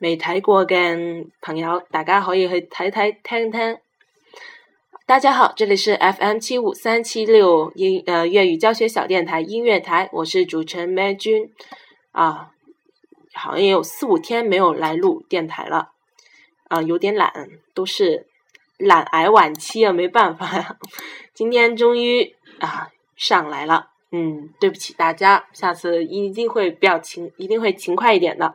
未睇過嘅朋友，大家可以去睇睇聽聽。大家好，這裏是 FM 七五三七六音呃粵語教學小電台音樂台，我是主持人麥君啊，好像也有四五天沒有來錄電台了啊，有點懶，都是懶癌晚期啊，沒辦法呀、啊。今天終於啊上來了，嗯，對不起大家，下次一定會比較勤，一定會勤快一點的。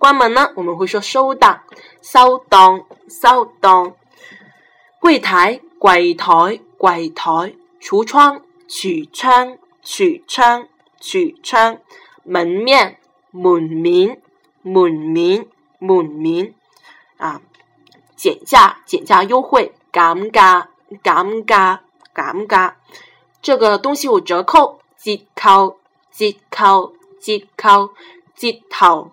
關門呢，我們會說收檔、收檔、收檔。櫃檯、櫃檯、櫃檯。櫥窗、櫥窗、櫥窗、櫥窗，櫥窗、櫥窗。門面、門面、門面、門面。啊，減價、減價優惠，減價、減價、減價。這個東西有折扣，折扣、折扣、折扣、折扣。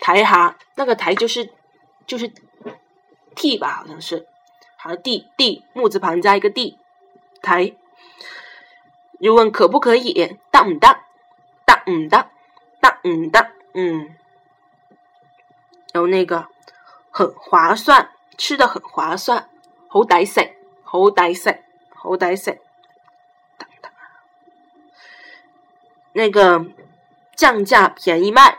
台哈，那個台就是就是 T 吧，好像是，好像 D D 木字旁加一個 D 台。如問可不可以？得唔得？得唔得？得唔得？嗯。然後那個很劃算，吃的很劃算，好抵食，好抵食，好抵食。那個降價便宜賣。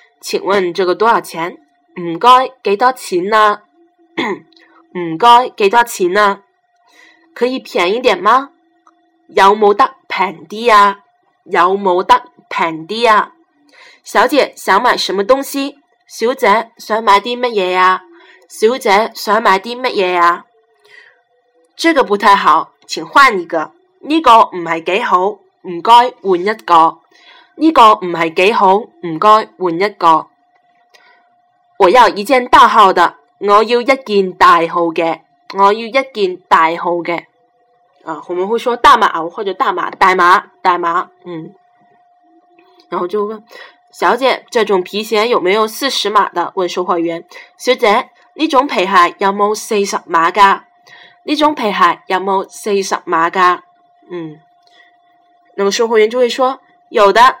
請問這個多少錢？唔該，幾多錢啊？唔該，幾多錢啊？可以便宜點嗎？有冇得平啲啊？有冇得平啲啊？小姐想買什麼東西？小姐想買啲乜嘢啊？小姐想買啲乜嘢啊？這個不太好，請換一個。呢個唔係幾好，唔該換一個。這個呢、這個唔係幾好，唔該換一個。我要一件大號的，我要一件大號嘅，我要一件大號嘅。啊，我們會說大碼號或者大碼、大碼、大碼，嗯。然後就問小姐：這種皮鞋有沒有四十碼的？問售貨員小姐：呢種皮鞋有冇四十碼㗎？呢種皮鞋有冇四十碼㗎？嗯，那麼售貨員就會說有的。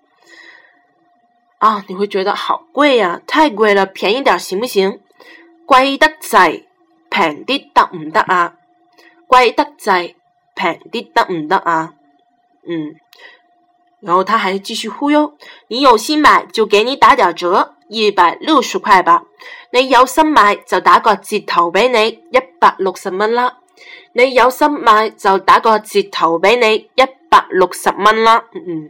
啊，你會覺得好貴啊，太貴了，便宜點行不行？貴得滯，平啲得唔得啊？貴得滯，平啲得唔得啊？嗯，然後他還繼續忽悠，你有心買就給你打點折，二百六十塊吧。你有心買就打個折頭俾你一百六十蚊啦。你有心買就打個折頭俾你一百六十蚊啦。嗯。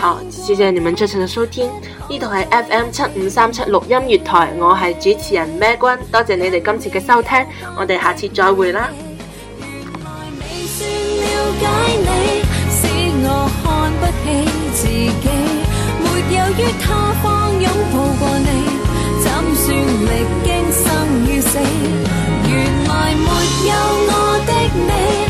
好謝謝你們這 Gun, 你們今次的收聽呢度係 fm 75376音樂台我係主持人咩君多謝你哋今次嘅收聽我哋下次再會啦原來未算了解你是我看不起自己沒有於他方擁抱過你怎算歷經生與死原來沒有我的你